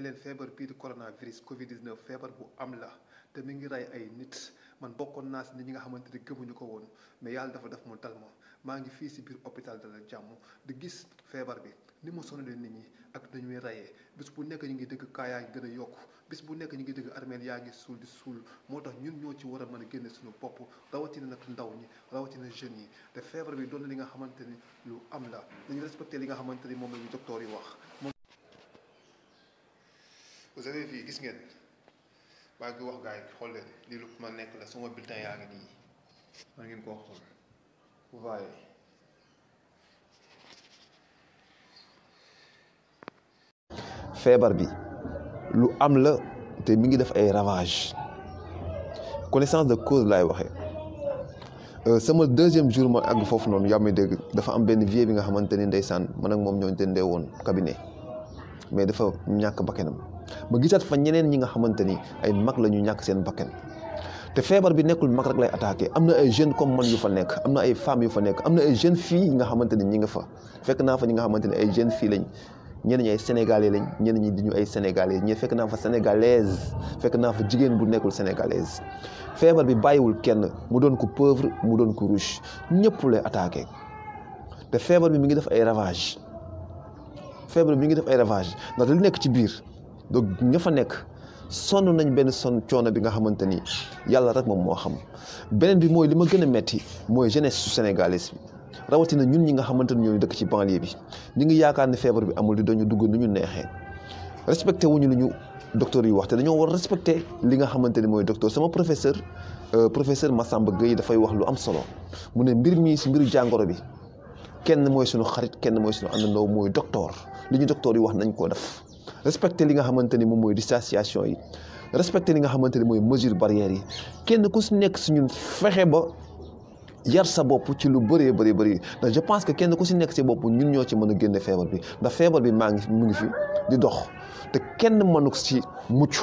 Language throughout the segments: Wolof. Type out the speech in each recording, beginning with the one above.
ne leen feebar bii di coronavirus Covid 19 feebar bu am la te mi ngi rey ay nit man bokkoon naa si nit ñi nga xamante ni gëmuñu ko woon mais yàlla dafa def mu dal ma maa ngi fii si biir hôpital Dalal Jàmm di gis feebar bi ni mu sonalee nit ñi ak dañuy rayee bis bu nekk ñu ngi dëgg kaa yaa ngi gën a yokk bis bu nekk ñu ngi dëgg armeel yaa ngi suul di suul moo tax ñun ñoo ci war a mën a génne suñu popp rawatina nag ndaw ñi rawatina jeunes yi te feebar bi doon li nga xamante ni lu am la dañu respecté li nga xamante ni moom la ñu yi wax gis ngeen maa ngi lii ma nekk la sama bulletin ngi ko xool vous feebar bi lu am la te mi ngi def ay ravage connaissance de cause laay waxee euh, sama deuxième jour ma àgg foofu noonu yaa may dégg dafa am benn vieux bi nga xamante ni ndeysaan man ak moom ñoo ñu dee woon cabinet mais dafa ñàkk bakkanam ma gisat fa ñeneen ñi nga xamante ni ay mag la ñu ñàkk seen bakken te feebar bi nekkul mag rek lay attaqué am na ay jeunes comme man yu fa nekk am na ay femmes yu fa nekk am na ay jeunes fii yi nga xamante ni ñi nga fa fekk naa fa ñi nga xamante ni ay jeunes filles lañ ñenn ñi ay sénégalais lañ ñenn ñi di ñu ay sénégalais ñe fekk naa fa sénégalaise fekk naa fa jigéen bu nekkul sénégalaise feebar bi bàyyiwul kenn mu doon ko pauvre mu doon ko riche ñëpp lay attaqué te feebar bi mi ngi def ay ravage feebar mi ngi def ay ravage ndax nekk ci biir donc ña fa nekk sonn nañ benn sonn coono bi nga xamante ni yàlla rek moom moo xam beneen bi mooy li ma gën a metti mooy jeunesse su rawatina ñun ñi nga xamante ni ñoo dëkk ci banlieue bi ñu ngi yaakaar ne feebar bi amul di dañu dugg nu ñu neexee respecté wuñu lu ñu docteur yi wax te dañoo war respecté li nga xamante ni mooy docteur sama professeur euh, professeur Massamba Gueye dafay wax lu am solo mu ne mbir mi si mbiru jàngoro bi kenn mooy suñu xarit kenn mooy suñu àndandoo mooy doctor li ñu docteur yi wax nañ koo def respecter li nga xamante ni moom mooy distanciation yi respecter li nga xamante ni mooy mesure barrière yi kenn ku si nekk si ñun fexe ba yar sa bopp ci lu bëree bëri bëri ndax je pense que kenn ku si nekk si bopp ñun ñoo ci mën a génne feebar bi ndax feebar bi maa ngi mu ngi fi di dox te kenn mënu si mucc.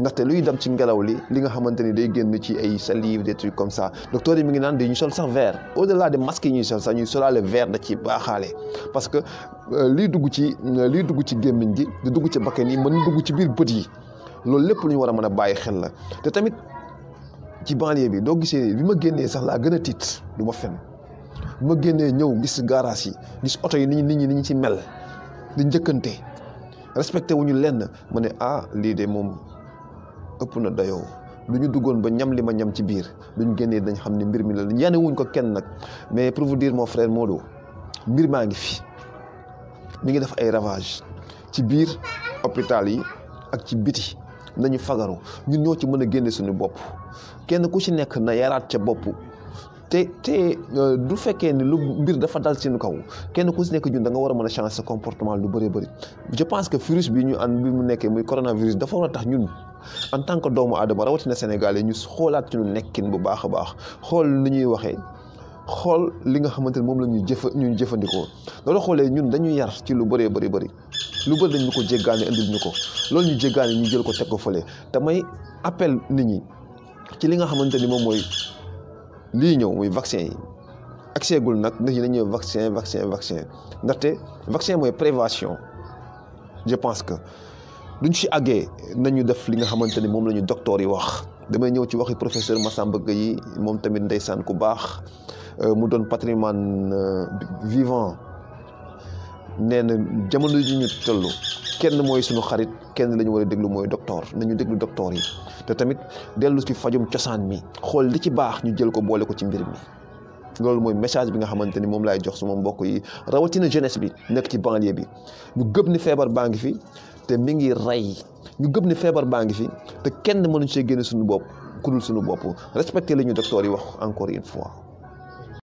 ndaxte luy dam ci ngelaw li li nga xamante ni day génn ci ay salive des trucs comme ça docteur yi mi ngi naan ñu sol sax verre au delà des masques yi ñuy sol sax ñuy solaale verre da ci baaxaale parce que euh, liy dugg ci liy dugg ci gémmiñ gi di dugg ci bakkan yi mën dugg ci biir bët yi loolu lépp lu ñu war a mën a bàyyi xel la te tamit ci banlieue bi doo gisee bi ma génnee sax laa gën a tiit du ma fen bi ma génnee ñëw gis gaaraas yi gis oto yi ni nit ñi ni ñu ci mel di njëkkante respecté wu lenn ma ne ah lii de moom ëpp na dayoo lu ñu duggoon ba ñam li ma ñam ci biir lu génnee dañ xam ne mbir mi la yane wuñ ko kenn nag mais pour moo dire mon mbir maa ngi fi mi ngi def ay ravage ci biir hôpital yi ak ci biti nañu fagaru ñun ñoo ci mën a génne suñu bopp kenn ku ci nekk na yaraat ca bopp te te euh, du fekkee ni lu mbir dafa dal seen kaw kenn ku si nekk ñun da war a mën a changer sa comportement lu bëree bëri je pense que virus bi ñu ànd bi mu nekkee muy coronavirus dafa war a tax ñun en tant que doomu aadama rawatina Sénégalais ñu xoolaat ci lu nekkin bu baax a baax xool lu ñuy waxee xool li nga xamante ne moom la ñuy jëfa ñuy jëfandikoo loolu xoolee ñun dañu yar ci lu bëree bëri bëri lu bëri dañ ñu ko jéggaane indil ñu ko loolu ñu jéggaane ñu jël ko teg ko fële te may appel nit ñi ci li nga xamante ni moom mooy lii ñëw muy vaccin yi accès gul nag nit ñi dañuy vaccin vaccin vaccin ndaxte vaccin mooy prévention je pense que lu ñu si àggee nañu def li nga xamante ni moom la ñu docteur yi wax damay ñëw ci waxi professeur Massamba Gueye yi moom tamit ndeysaan ku baax euh, mu doon patrimoine euh, vivant nee na jamono ji ñu toll kenn mooy suñu xarit kenn la ñu war a déglu mooy docteur nañu déglu docteur yi te tamit dellu ci fajum cosaan mi xool li ci baax ñu jël ko boole ko ci mbir mi loolu mooy message bi nga xamante ni moom laay jox suma mbokk yi rawatina jeunesse bi nekk ci banlieue bi ñu gëm ni feebar baa ngi fi te mi ngi rey ñu gëm ni feebar baa ngi fi te kenn mënuñ see génne suñu bopp ku dul suñu bopp respecté la ñu docteur yi wax encore une fois.